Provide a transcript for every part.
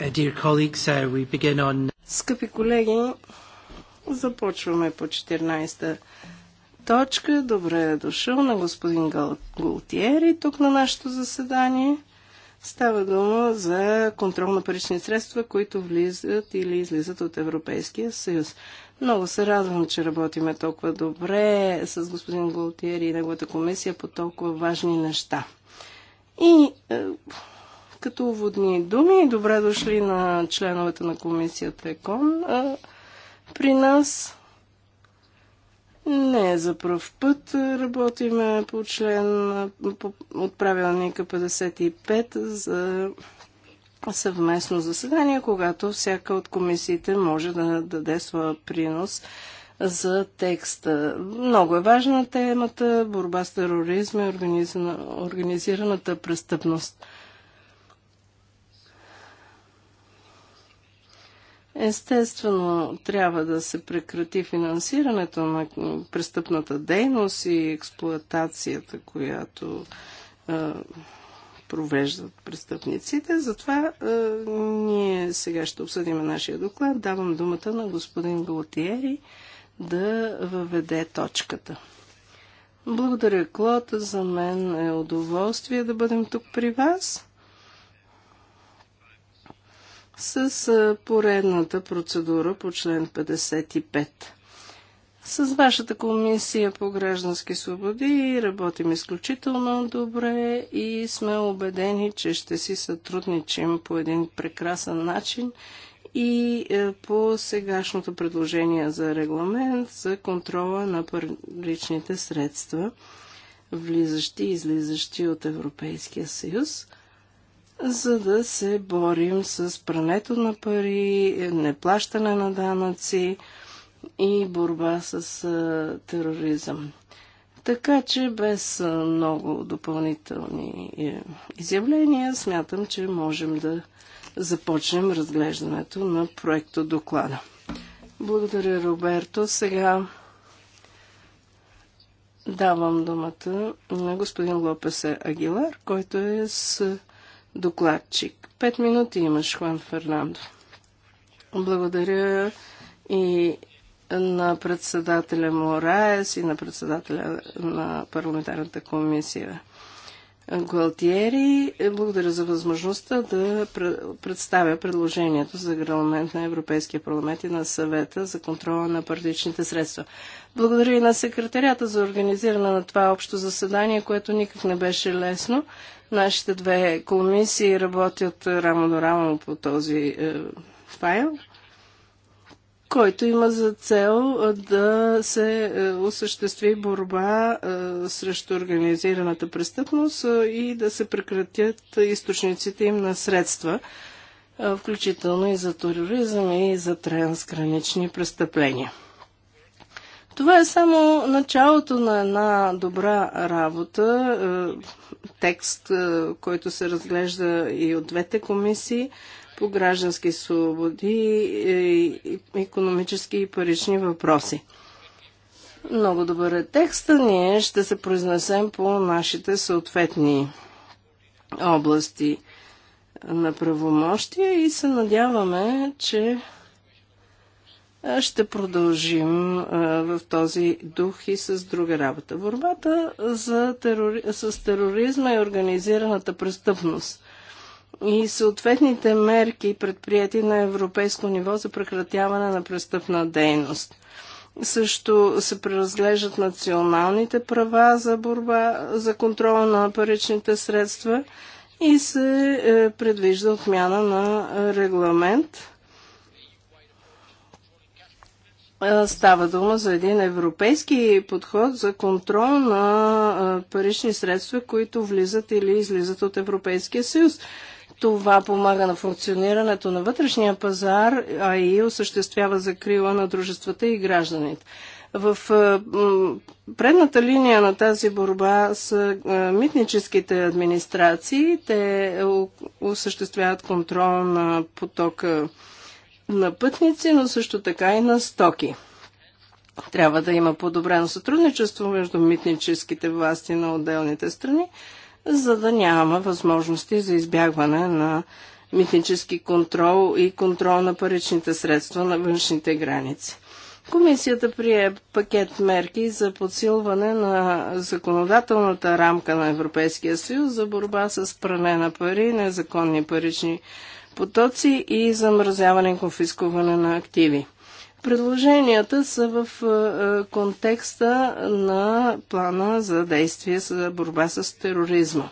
Uh, uh, Скъпи колеги, започваме по 14-та точка. Добре е дошъл на господин Галтиери тук на нашето заседание. Става дума за контрол на парични средства, които влизат или излизат от Европейския съюз. Много се радвам, че работиме толкова добре с господин Галтиери и неговата комисия по толкова важни неща. И е, като уводни думи. Добре дошли на членовете на комисията ЕКОН. При нас не е за пръв път. Работиме по член от правилника 55 за съвместно заседание, когато всяка от комисиите може да даде своя принос за текста. Много е важна темата борба с тероризма и организираната престъпност. Естествено, трябва да се прекрати финансирането на престъпната дейност и експлоатацията, която е, провеждат престъпниците. Затова е, ние сега ще обсъдим нашия доклад. Давам думата на господин Галтиери да въведе точката. Благодаря, Клод. За мен е удоволствие да бъдем тук при вас с поредната процедура по член 55. С вашата комисия по граждански свободи работим изключително добре и сме убедени, че ще си сътрудничим по един прекрасен начин и е, по сегашното предложение за регламент за контрола на паричните средства, влизащи и излизащи от Европейския съюз – за да се борим с прането на пари, неплащане на данъци и борба с тероризъм. Така че без много допълнителни е, изявления смятам, че можем да започнем разглеждането на проекто доклада. Благодаря, Роберто. Сега давам думата на господин Лопесе Агилар, който е с докладчик. Пет минути имаш, Хуан Фернандо. Благодаря и на председателя Мораес и на председателя на парламентарната комисия Гуалтиери. Благодаря за възможността да представя предложението за регламент на Европейския парламент и на съвета за контрола на партичните средства. Благодаря и на секретарята за организиране на това общо заседание, което никак не беше лесно. Нашите две комисии работят рамо до рамо по този е, файл, който има за цел е, да се е, осъществи борба е, срещу организираната престъпност е, и да се прекратят източниците им на средства, е, включително и за тероризъм и за трансгранични престъпления. Това е само началото на една добра работа, е, текст, е, който се разглежда и от двете комисии по граждански свободи, економически и парични въпроси. Много добър е текста. Ние ще се произнесем по нашите съответни области на правомощия и се надяваме, че е, ще продължим е, в този дух и с друга работа. Борбата за терори... с тероризма и организираната престъпност и съответните мерки предприяти на европейско ниво за прекратяване на престъпна дейност. Също се преразглеждат националните права за борба за контрола на паричните средства и се е, предвижда отмяна на регламент Е, става дума за един европейски подход за контрол на е, парични средства, които влизат или излизат от Европейския съюз. Това помага на функционирането на вътрешния пазар, а и осъществява закрила на дружествата и гражданите. В е, предната линия на тази борба са митническите администрации. Те осъществяват контрол на потока на пътници, но също така и на стоки. Трябва да има подобрено сътрудничество между митническите власти на отделните страни, за да няма възможности за избягване на митнически контрол и контрол на паричните средства на външните граници. Комисията прие пакет мерки за подсилване на законодателната рамка на Европейския съюз за борба с пране на пари, незаконни парични потоци и замразяване и конфискуване на активи. Предложенията са в е, е, контекста на плана за действие за борба с тероризма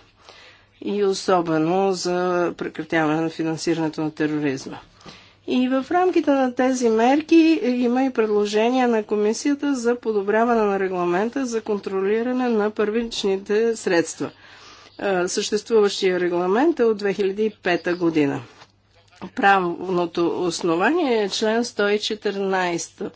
и особено за прекратяване на финансирането на тероризма. И в рамките на тези мерки има и предложения на комисията за подобряване на регламента за контролиране на първичните средства. Е, съществуващия регламент е от 2005 година правното основание е член 114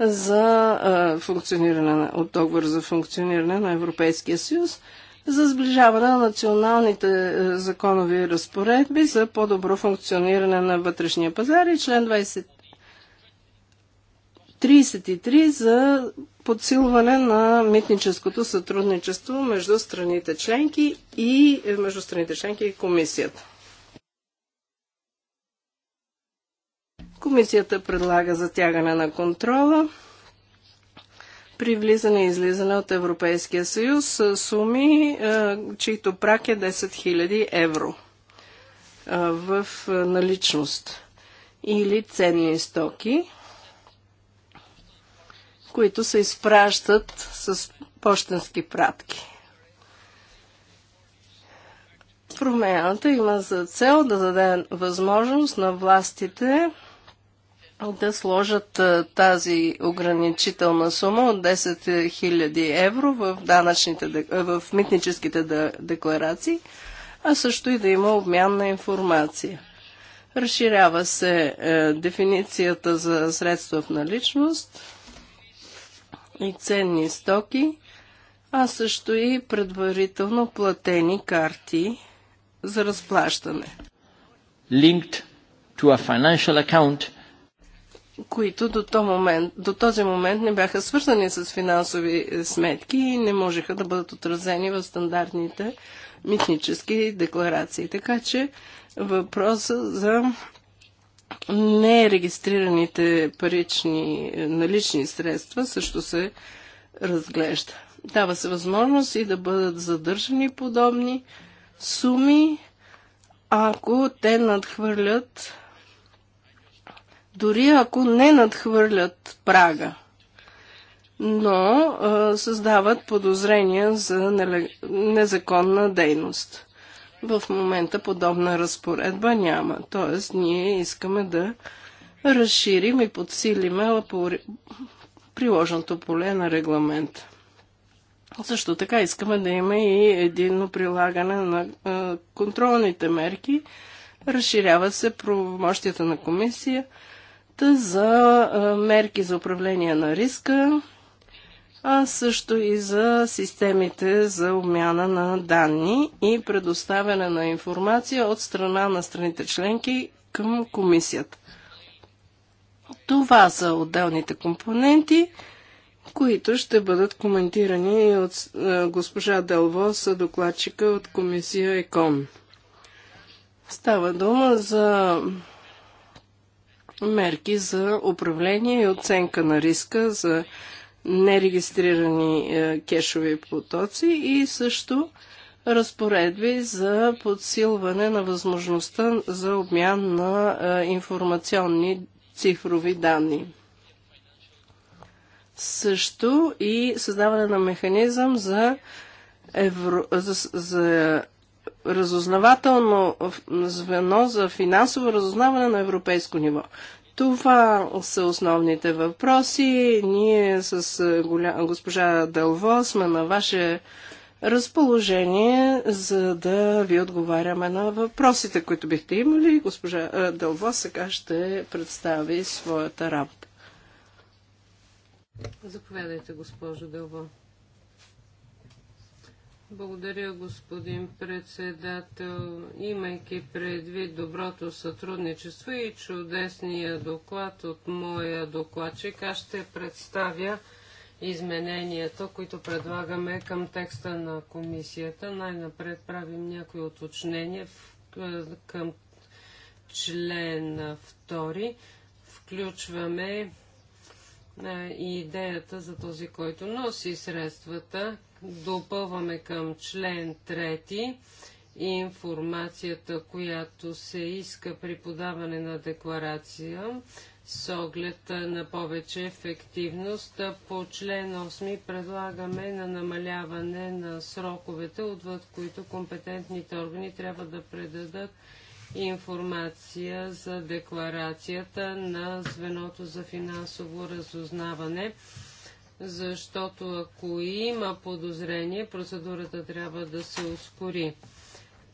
за функциониране на, от договор за функциониране на Европейския съюз за сближаване на националните е, законови разпоредби за по-добро функциониране на вътрешния пазар и член 20... 33 за подсилване на митническото сътрудничество между страните членки и между страните членки и комисията. Комисията предлага затягане на контрола при влизане и излизане от Европейския съюз с суми, е, чието прак е 10 000 евро е, в е, наличност или ценни стоки, които се изпращат с почтенски пратки. Промяната има за цел да даде възможност на властите да сложат тази ограничителна сума от 10 000 евро в, данъчните, в митническите декларации, а също и да има обмян на информация. Разширява се е, дефиницията за средства в наличност и ценни стоки, а също и предварително платени карти за разплащане. Linked to a financial account – които до, то момент, до този момент не бяха свързани с финансови сметки и не можеха да бъдат отразени в стандартните митнически декларации. Така че въпроса за нерегистрираните парични налични средства също се разглежда. Дава се възможност и да бъдат задържани подобни суми, ако те надхвърлят дори ако не надхвърлят прага, но а, създават подозрения за незаконна дейност. В момента подобна разпоредба няма, т.е. ние искаме да разширим и подсилиме по приложното поле на регламента. Също така искаме да има и едино прилагане на а, контролните мерки. Разширяват се правомощията на комисия за мерки за управление на риска, а също и за системите за обмяна на данни и предоставяне на информация от страна на страните членки към комисията. Това са отделните компоненти, които ще бъдат коментирани от госпожа Делвос, докладчика от комисия ЕКОН. Става дума за мерки за управление и оценка на риска за нерегистрирани е, кешови потоци и също разпоредби за подсилване на възможността за обмян на е, информационни цифрови данни. Също и създаване на механизъм за, евро, за, за разузнавателно звено за финансово разузнаване на европейско ниво. Това са основните въпроси. Ние с е, госпожа Дълво сме на ваше разположение, за да ви отговаряме на въпросите, които бихте имали. Госпожа е, Дълво сега ще представи своята работа. Заповядайте, госпожо Дълво. Благодаря, господин председател. Имайки предвид доброто сътрудничество и чудесния доклад от моя докладчик, аз ще представя измененията, които предлагаме към текста на комисията. Най-напред правим някои уточнения е, към член 2. Включваме и е, идеята за този, който носи средствата, допълваме към член 3 информацията, която се иска при подаване на декларация с оглед на повече ефективност. По член 8 предлагаме на намаляване на сроковете, отвъд които компетентните органи трябва да предадат информация за декларацията на звеното за финансово разузнаване защото ако има подозрение, процедурата трябва да се ускори.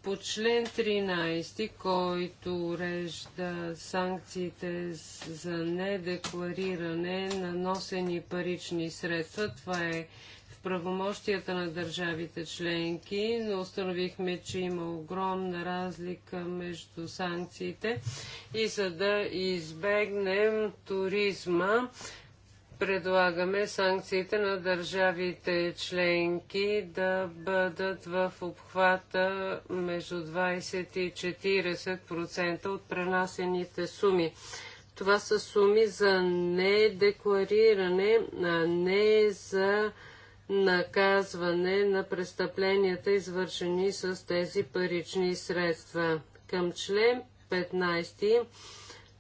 По член 13, който урежда санкциите за недеклариране на носени парични средства, това е в правомощията на държавите членки, но установихме, че има огромна разлика между санкциите и за да избегнем туризма, предлагаме санкциите на държавите членки да бъдат в обхвата между 20 и 40% от пренасените суми. Това са суми за недеклариране, а не за наказване на престъпленията, извършени с тези парични средства. Към член 15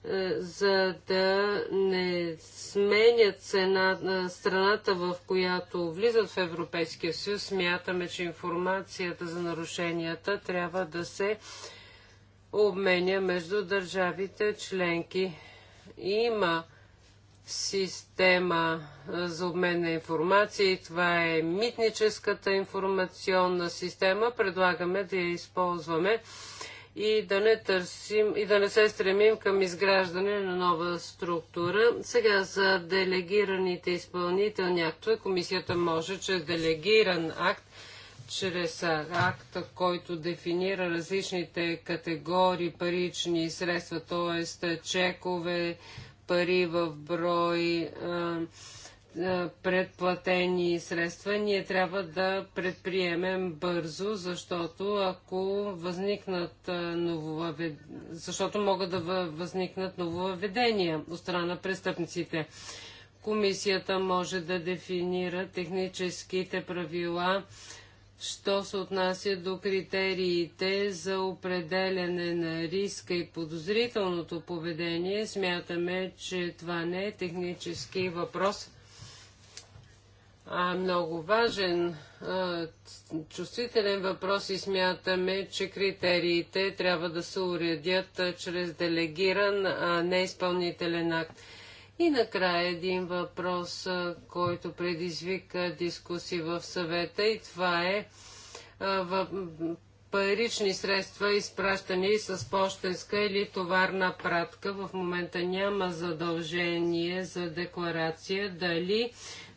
е, за да не сменят цена на е, страната, в която влизат в Европейския съюз. Смятаме, че информацията за нарушенията трябва да се обменя между държавите членки. Има система е, за обмен на информация и това е митническата информационна система. Предлагаме да я използваме и да не търсим и да не се стремим към изграждане на нова структура. Сега за делегираните изпълнителни актове комисията може чрез делегиран акт, чрез акта, който дефинира различните категории парични средства, т.е. чекове, пари в брой, е, предплатени средства, ние трябва да предприемем бързо, защото ако възникнат е, нововъвед... защото могат да възникнат нововъведения от страна на престъпниците. Комисията може да дефинира техническите правила, що се отнася до критериите за определене на риска и подозрителното поведение. Смятаме, че това не е технически въпрос – а, много важен, а, чувствителен въпрос и смятаме, че критериите трябва да се уредят а, чрез делегиран, а не изпълнителен акт. И накрая един въпрос, а, който предизвика дискусии в съвета и това е а, в, парични средства, изпращани с почтенска или товарна пратка. В момента няма задължение за декларация дали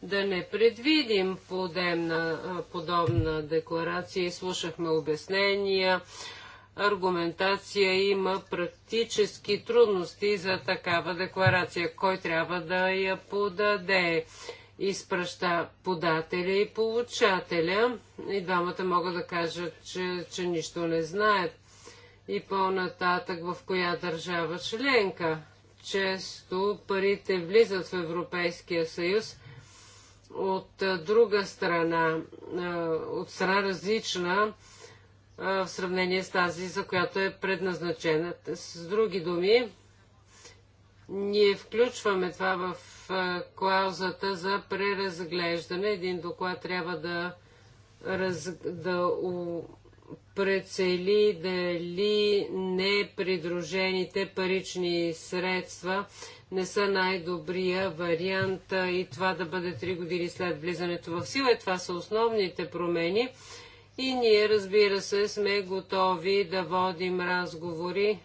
да не предвидим подемна, подобна декларация. Слушахме обяснения, аргументация, има практически трудности за такава декларация. Кой трябва да я подаде? изпраща подателя и получателя. И двамата могат да кажат, че, че нищо не знаят. И по-нататък в коя държава членка. Често парите влизат в Европейския съюз, от друга страна, от страна различна в сравнение с тази, за която е предназначена. С други думи, ние включваме това в клаузата за преразглеждане. Един доклад трябва да, раз, да у, прецели дали непридружените парични средства не са най-добрия вариант и това да бъде 3 години след влизането в сила. И това са основните промени. И ние, разбира се, сме готови да водим разговори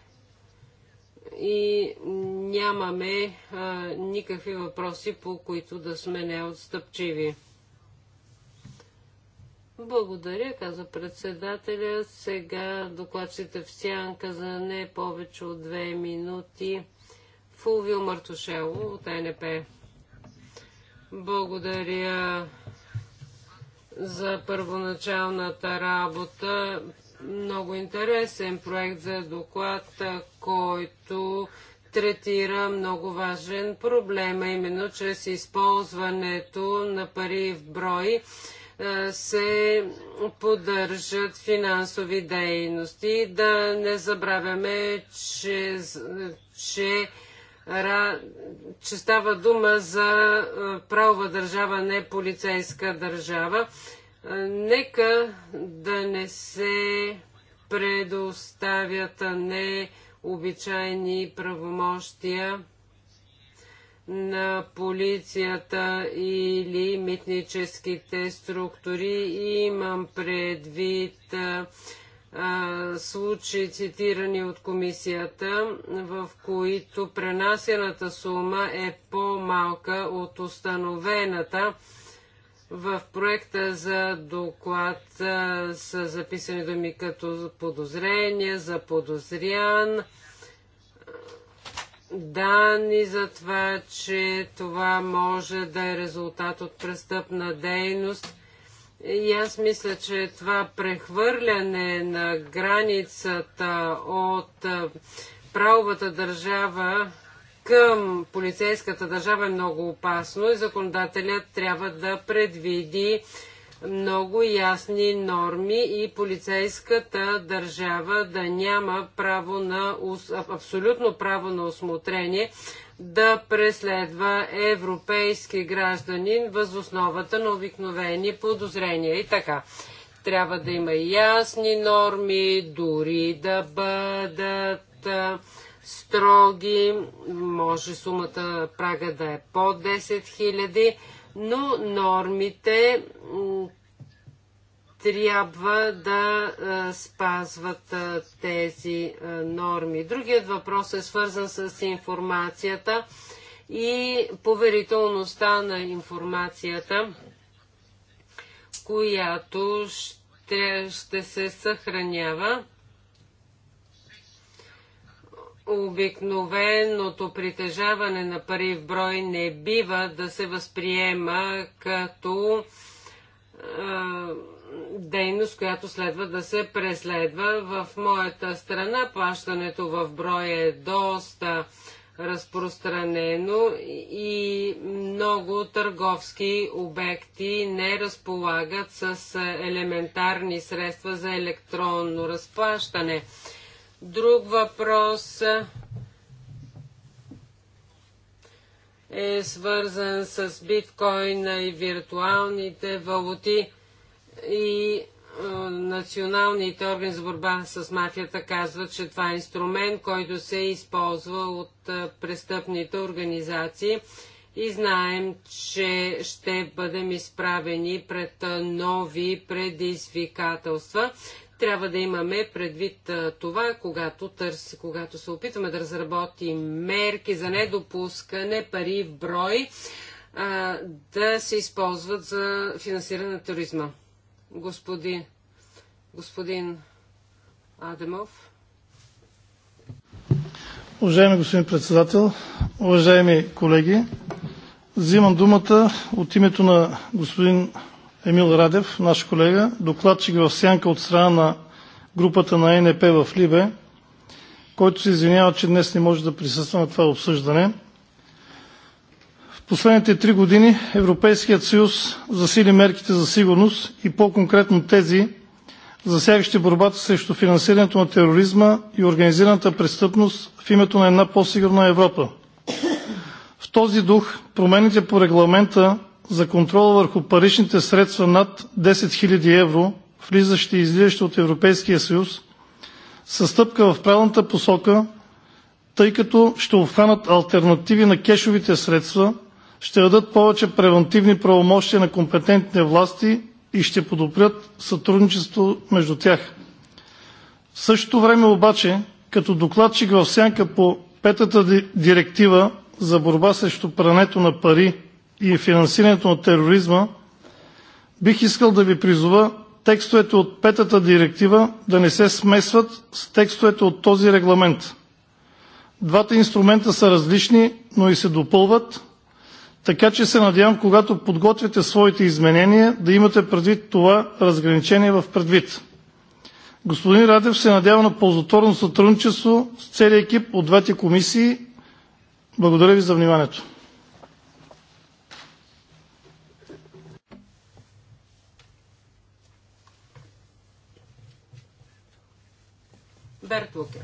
и нямаме а, никакви въпроси, по които да сме неотстъпчиви. Благодаря, каза председателя. Сега докладчите в сянка за не повече от две минути. Фулвио Мартушело от НП. Благодаря за първоначалната работа. Много интересен проект за доклад, който третира много важен проблем, а именно чрез използването на пари в брой се поддържат финансови дейности. Да не забравяме, че, че че става дума за е, правова държава, не полицейска държава. Е, нека да не се предоставят необичайни правомощия на полицията или митническите структури. Имам предвид е, случаи, цитирани от комисията, в които пренасената сума е по-малка от установената в проекта за доклад са записани думи като подозрение, за подозрян, данни за това, че това може да е резултат от престъпна дейност и аз мисля, че това прехвърляне на границата от е, правовата държава към полицейската държава е много опасно и законодателят трябва да предвиди много ясни норми и полицейската държава да няма право на абсолютно право на осмотрение, да преследва европейски гражданин въз основата на обикновени подозрения и така. Трябва да има ясни норми, дори да бъдат а, строги, може сумата прага да е по 10 000, но нормите трябва да е, спазват е, тези е, норми. Другият въпрос е свързан с информацията и поверителността на информацията, която ще, ще се съхранява. Обикновеното притежаване на пари в брой не бива да се възприема като дейност, която следва да се преследва. В моята страна плащането в брой е доста разпространено и много търговски обекти не разполагат с елементарни средства за електронно разплащане. Друг въпрос е свързан с биткоина и виртуалните валути и националните органи за борба с мафията казват, че това е инструмент, който се използва от престъпните организации и знаем, че ще бъдем изправени пред нови предизвикателства. Трябва да имаме предвид това, когато, търси, когато се опитваме да разработим мерки за недопускане пари в брой, да се използват за финансиране на туризма. Господин, господин Адемов. Уважаеми господин председател, уважаеми колеги, взимам думата от името на господин Емил Радев, наш колега, докладчик в сянка от страна на групата на е НП в Либе, който се извинява, че днес не може да присъства на това обсъждане последните три години Европейският съюз засили мерките за сигурност и по-конкретно тези, засягащи борбата срещу финансирането на тероризма и организираната престъпност в името на една по-сигурна Европа. В този дух промените по регламента за контрол върху паричните средства над 10 000 евро, влизащи и излизащи от Европейския съюз, са стъпка в правилната посока, тъй като ще обхванат альтернативи на кешовите средства – ще дадат повече превантивни правомощия на компетентните власти и ще подобрят сътрудничество между тях. В същото време обаче, като докладчик в сянка по петата директива за борба срещу прането на пари и финансирането на тероризма, бих искал да ви призова текстовете от петата директива да не се смесват с текстовете от този регламент. Двата инструмента са различни, но и се допълват така че се надявам, когато подготвяте своите изменения, да имате предвид това разграничение в предвид. Господин Радев се надява на ползотворно сътрудничество с целия екип от двете комисии. Благодаря Ви за вниманието. Берт Лукер.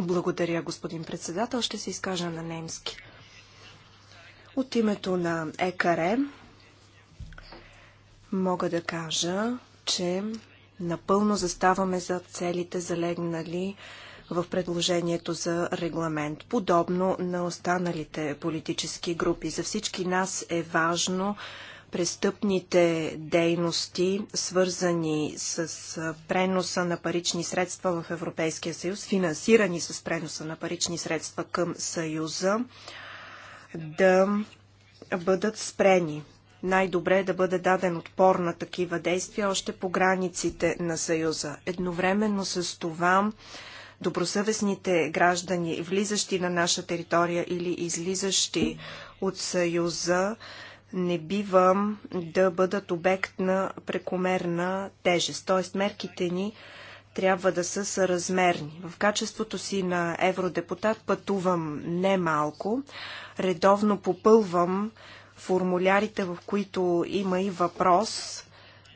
Благодаря, господин председател. Ще се изкажа на немски. От името на ЕКАРЕ мога да кажа, че напълно заставаме за целите залегнали в предложението за регламент, подобно на останалите политически групи. За всички нас е важно престъпните дейности, свързани с преноса на парични средства в Европейския съюз, финансирани с преноса на парични средства към съюза, да бъдат спрени. Най-добре е да бъде даден отпор на такива действия още по границите на съюза. Едновременно с това добросъвестните граждани, влизащи на наша територия или излизащи от Съюза, не бива да бъдат обект на прекомерна тежест. Т.е. мерките ни трябва да са съразмерни. В качеството си на евродепутат пътувам немалко. Редовно попълвам формулярите, в които има и въпрос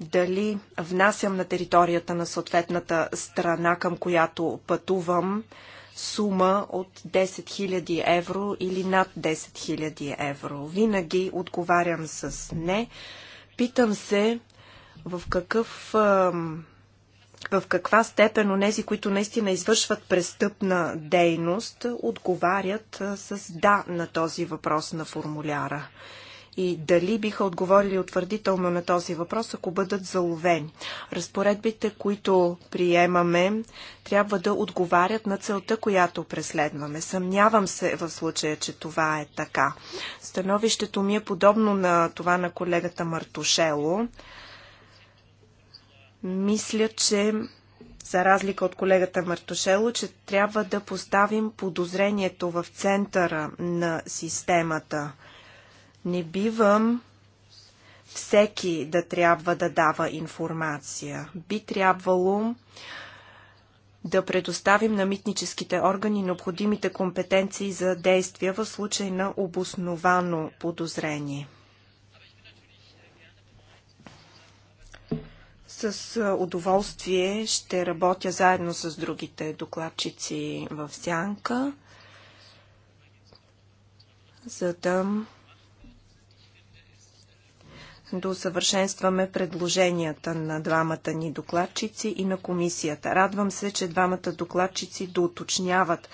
дали внасям на територията на съответната страна, към която пътувам, сума от 10 000 евро или над 10 000 евро. Винаги отговарям с не. Питам се в какъв в каква степен онези, които наистина извършват престъпна дейност, отговарят с да на този въпрос на формуляра и дали биха отговорили утвърдително на този въпрос, ако бъдат заловени. Разпоредбите, които приемаме, трябва да отговарят на целта, която преследваме. Съмнявам се в случая, че това е така. Становището ми е подобно на това на колегата Мартушело. Мисля, че за разлика от колегата Мартушело, че трябва да поставим подозрението в центъра на системата – не бивам всеки да трябва да дава информация. Би трябвало да предоставим на митническите органи необходимите компетенции за действия в случай на обосновано подозрение. С удоволствие ще работя заедно с другите докладчици в Сянка, за да да усъвършенстваме предложенията на двамата ни докладчици и на комисията. Радвам се, че двамата докладчици доуточняват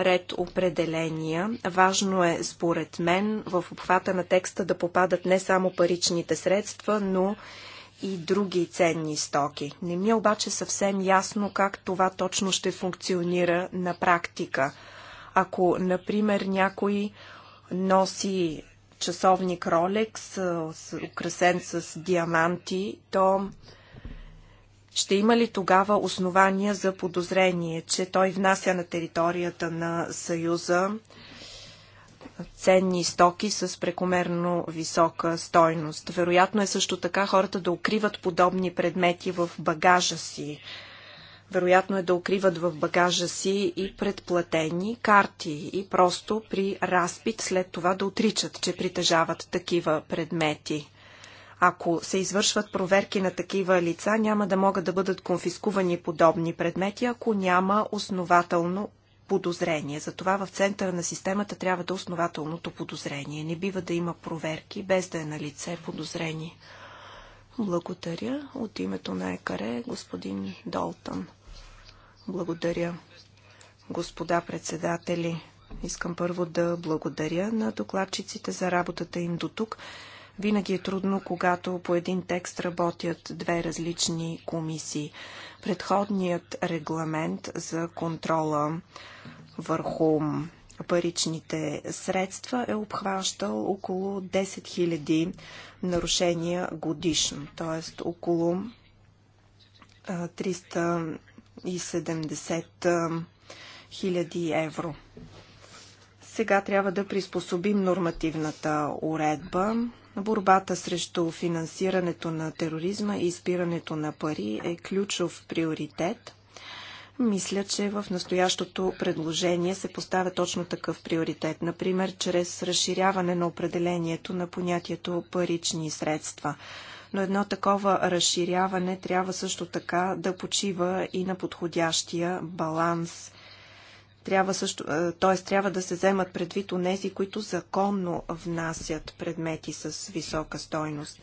ред определения. Важно е, според мен, в обхвата на текста да попадат не само паричните средства, но и други ценни стоки. Не ми е обаче съвсем ясно как това точно ще функционира на практика. Ако, например, някой носи часовник Rolex, украсен с диаманти, то ще има ли тогава основания за подозрение, че той внася на територията на Съюза ценни стоки с прекомерно висока стойност? Вероятно е също така хората да укриват подобни предмети в багажа си вероятно е да укриват в багажа си и предплатени карти и просто при разпит след това да отричат, че притежават такива предмети. Ако се извършват проверки на такива лица, няма да могат да бъдат конфискувани подобни предмети, ако няма основателно подозрение. Затова в центъра на системата трябва да е основателното подозрение. Не бива да има проверки, без да е на лице подозрение. Благодаря. От името на ЕКАРЕ господин Долтън. Благодаря, господа председатели. Искам първо да благодаря на докладчиците за работата им до тук. Винаги е трудно, когато по един текст работят две различни комисии. Предходният регламент за контрола върху паричните средства е обхващал около 10 000 нарушения годишно, т.е. около 300 170 хиляди евро. Сега трябва да приспособим нормативната уредба. Борбата срещу финансирането на тероризма и изпирането на пари е ключов приоритет. Мисля, че в настоящото предложение се поставя точно такъв приоритет, например чрез разширяване на определението на понятието парични средства но едно такова разширяване трябва също така да почива и на подходящия баланс. Трябва също, т.е. трябва да се вземат предвид онези, които законно внасят предмети с висока стойност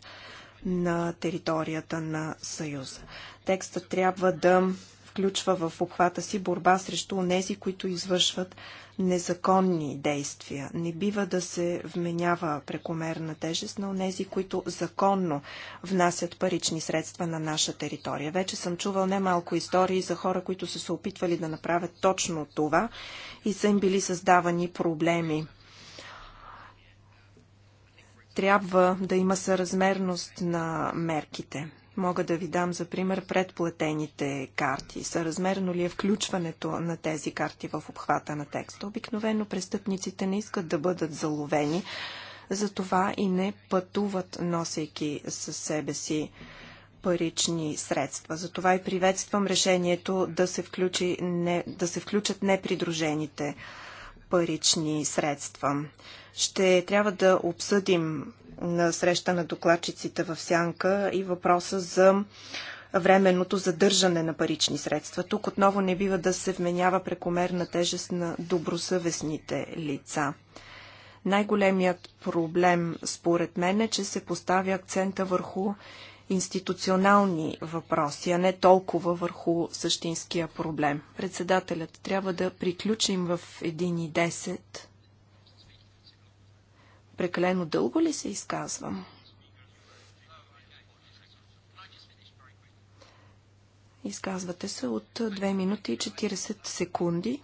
на територията на Съюза. Текстът трябва да включва в обхвата си борба срещу онези, които извършват незаконни действия. Не бива да се вменява прекомерна тежест на онези, които законно внасят парични средства на наша територия. Вече съм чувал немалко истории за хора, които са се опитвали да направят точно това и са им били създавани проблеми трябва да има съразмерност на мерките. Мога да ви дам за пример предплатените карти. Съразмерно ли е включването на тези карти в обхвата на текста? Обикновено престъпниците не искат да бъдат заловени, затова и не пътуват, носейки със себе си парични средства. Затова и приветствам решението да се, включи не, да се включат непридружените парични средства. Ще трябва да обсъдим на среща на докладчиците в Сянка и въпроса за временното задържане на парични средства. Тук отново не бива да се вменява прекомерна тежест на добросъвестните лица. Най-големият проблем, според мен, е, че се поставя акцента върху институционални въпроси, а не толкова върху същинския проблем. Председателят трябва да приключим в 1.10. Прекалено дълго ли се изказвам? Изказвате се от 2 минути и 40 секунди.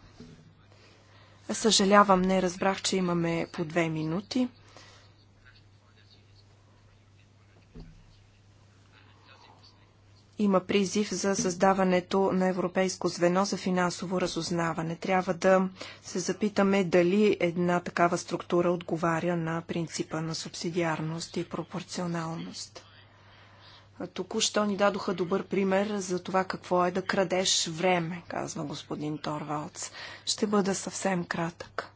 Съжалявам, не разбрах, че имаме по 2 минути. Има призив за създаването на Европейско звено за финансово разузнаване. Трябва да се запитаме дали една такава структура отговаря на принципа на субсидиарност и пропорционалност. Току-що ни дадоха добър пример за това какво е да крадеш време, казва господин Торвалц. Ще бъда съвсем кратък.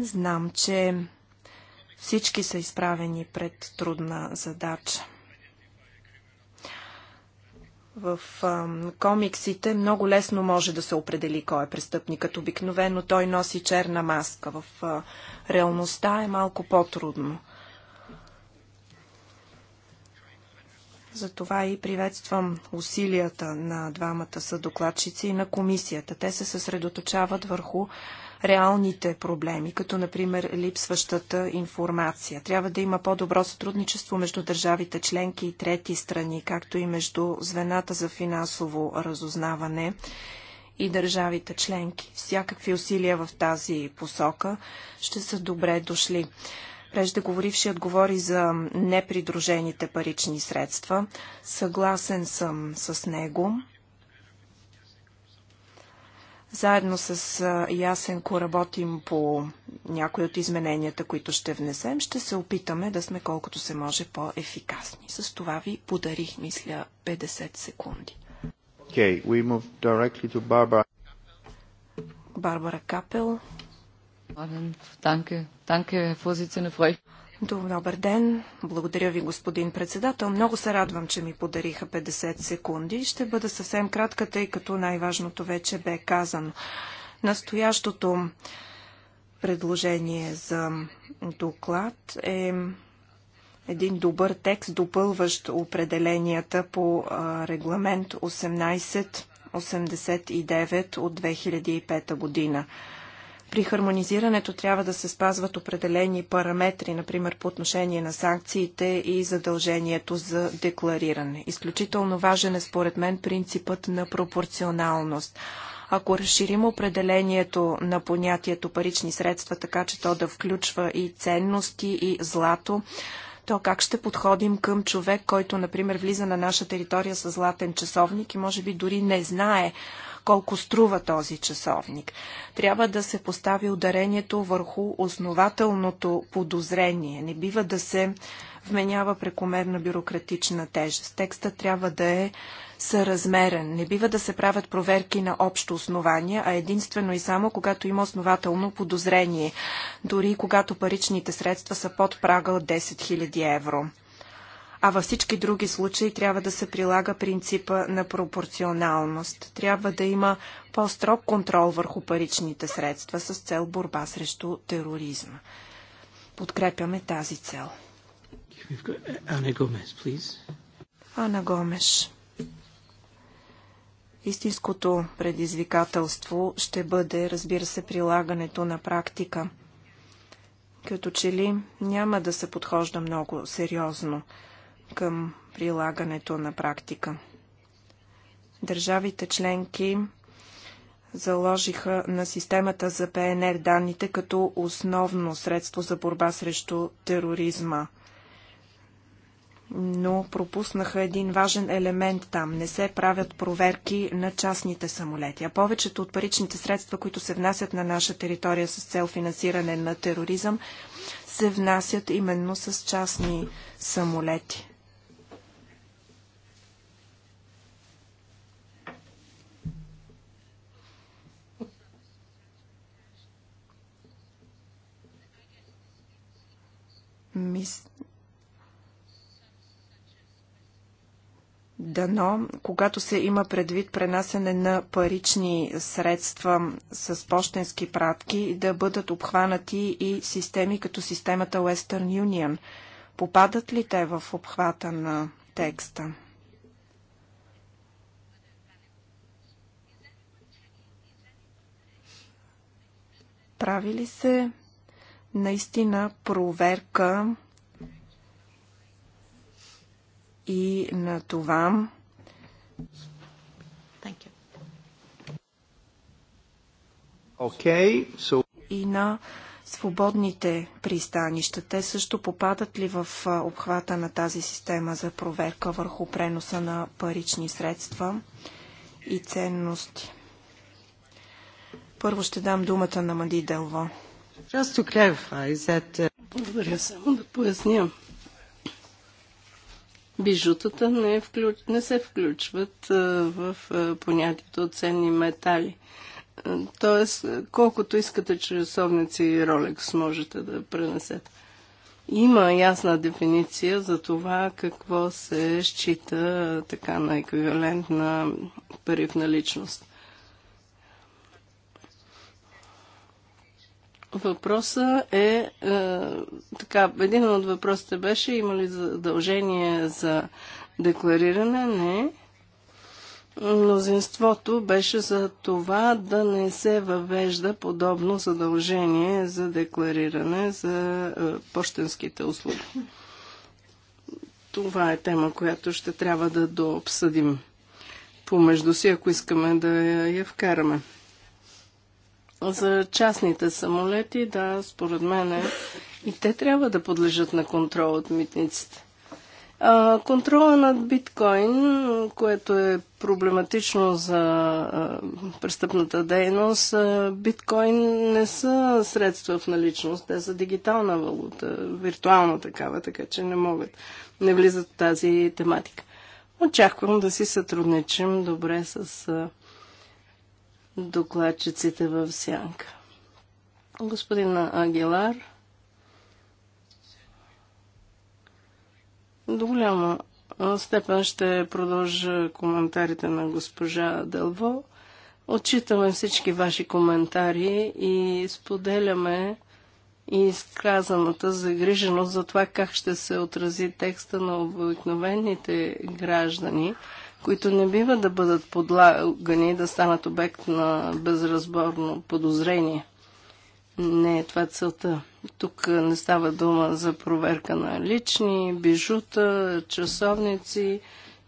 Знам, че всички са изправени пред трудна задача в а, комиксите много лесно може да се определи кой е престъпникът. Обикновено той носи черна маска. В а, реалността е малко по-трудно. Затова и приветствам усилията на двамата съдокладчици и на комисията. Те се съсредоточават върху реалните проблеми, като например липсващата информация. Трябва да има по-добро сътрудничество между държавите членки и трети страни, както и между звената за финансово разузнаване и държавите членки. Всякакви усилия в тази посока ще са добре дошли. Преждеговорившият говори за непридружените парични средства. Съгласен съм с него. Заедно с Ясенко работим по някои от измененията, които ще внесем. Ще се опитаме да сме колкото се може по-ефикасни. С това ви подарих, мисля, 50 секунди. Okay, we move directly to Barbara. Барбара Капел. Danke, danke, Herr Vorsitzender. Добър ден. Благодаря ви, господин председател. Много се радвам, че ми подариха 50 секунди. Ще бъда съвсем кратка, тъй като най-важното вече бе казано. Настоящото предложение за доклад е един добър текст, допълващ определенията по регламент 1889 от 2005 година. При хармонизирането трябва да се спазват определени параметри, например по отношение на санкциите и задължението за деклариране. Изключително важен е според мен принципът на пропорционалност. Ако разширим определението на понятието парични средства, така че то да включва и ценности, и злато, то как ще подходим към човек, който, например, влиза на наша територия с златен часовник и може би дори не знае колко струва този часовник. Трябва да се постави ударението върху основателното подозрение. Не бива да се вменява прекомерна бюрократична тежест. Текстът трябва да е съразмерен. Не бива да се правят проверки на общо основание, а единствено и само когато има основателно подозрение, дори когато паричните средства са под прага от 10 000 евро а във всички други случаи трябва да се прилага принципа на пропорционалност. Трябва да има по-строг контрол върху паричните средства с цел борба срещу тероризма. Подкрепяме тази цел. Ана Ана Гомеш. Истинското предизвикателство ще бъде, разбира се, прилагането на практика. Като че ли няма да се подхожда много сериозно към прилагането на практика. Държавите членки заложиха на системата за ПНР данните като основно средство за борба срещу тероризма – но пропуснаха един важен елемент там. Не се правят проверки на частните самолети. А повечето от паричните средства, които се внасят на наша територия с цел финансиране на тероризъм, се внасят именно с частни самолети. Мисля, Дано, когато се има предвид пренасене на парични средства с почтенски пратки, да бъдат обхванати и системи като системата Western Union. Попадат ли те в обхвата на текста? Прави ли се наистина проверка и на това, Okay, so... и на свободните пристанища. Те също попадат ли в обхвата на тази система за проверка върху преноса на парични средства и ценности? Първо ще дам думата на Мади Делво. That... Uh, Благодаря. Само да поясня бижутата не, включ... не се включват в понятието ценни метали. Тоест, колкото искате часовници и Ролекс можете да пренесете. Има ясна дефиниция за това какво се счита така на еквивалент на парифна личност. Въпросът е, е така, един от въпросите беше има ли задължение за деклариране? Не. Мнозинството беше за това да не се въвежда подобно задължение за деклариране за е, почтенските услуги. Това е тема, която ще трябва да дообсъдим помежду си, ако искаме да я вкараме. За частните самолети, да, според мен е и те трябва да подлежат на контрол от митниците. А, контрола над биткоин, което е проблематично за а, престъпната дейност, а, биткоин не са средства в наличност, те са дигитална валута, виртуална такава, така че не могат, не влизат в тази тематика. Очаквам да си сътрудничим добре с а, докладчиците в Сянка. Господин Агилар. До голяма степен ще продължа коментарите на госпожа Дълво. Отчитаме всички ваши коментари и споделяме и изказаната загриженост за това как ще се отрази текста на обикновените граждани, които не бива да бъдат подлагани да станат обект на безразборно подозрение. Не е това целта. Тук не става дума за проверка на лични, бижута, часовници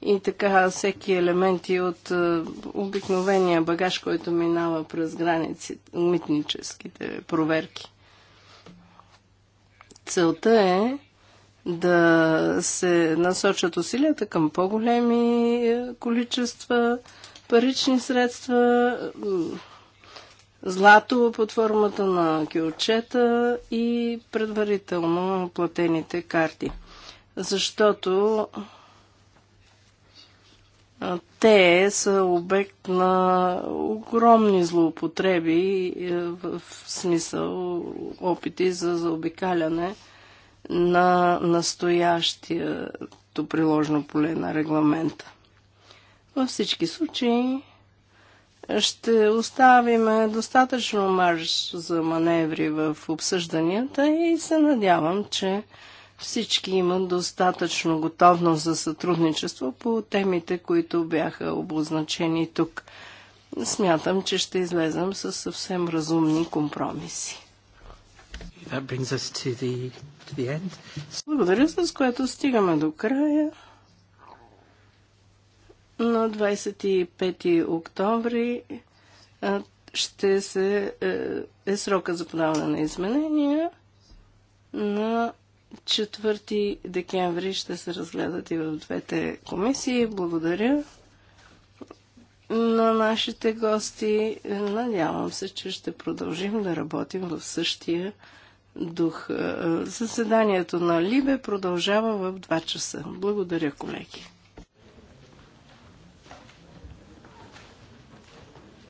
и така всеки елементи от е, обикновения багаж, който минава през границите, митническите проверки. Целта е да се насочат усилията към по-големи е, количества парични средства, злато под формата на кюлчета и предварително платените карти. Защото те са обект на огромни злоупотреби е, в смисъл опити за заобикаляне на настоящото приложно поле на регламента. Във всички случаи ще оставим достатъчно марш за маневри в обсъжданията и се надявам, че всички имат достатъчно готовност за сътрудничество по темите, които бяха обозначени тук. Смятам, че ще излезем с съвсем разумни компромиси. To the, to the Благодаря, с което стигаме до края. На 25 октомври ще се е, е срока за подаване на изменения. На 4 декември ще се разгледат и в двете комисии. Благодаря на нашите гости. Надявам се, че ще продължим да работим в същия дух. Е, заседанието на Либе продължава в 2 часа. Благодаря, колеги.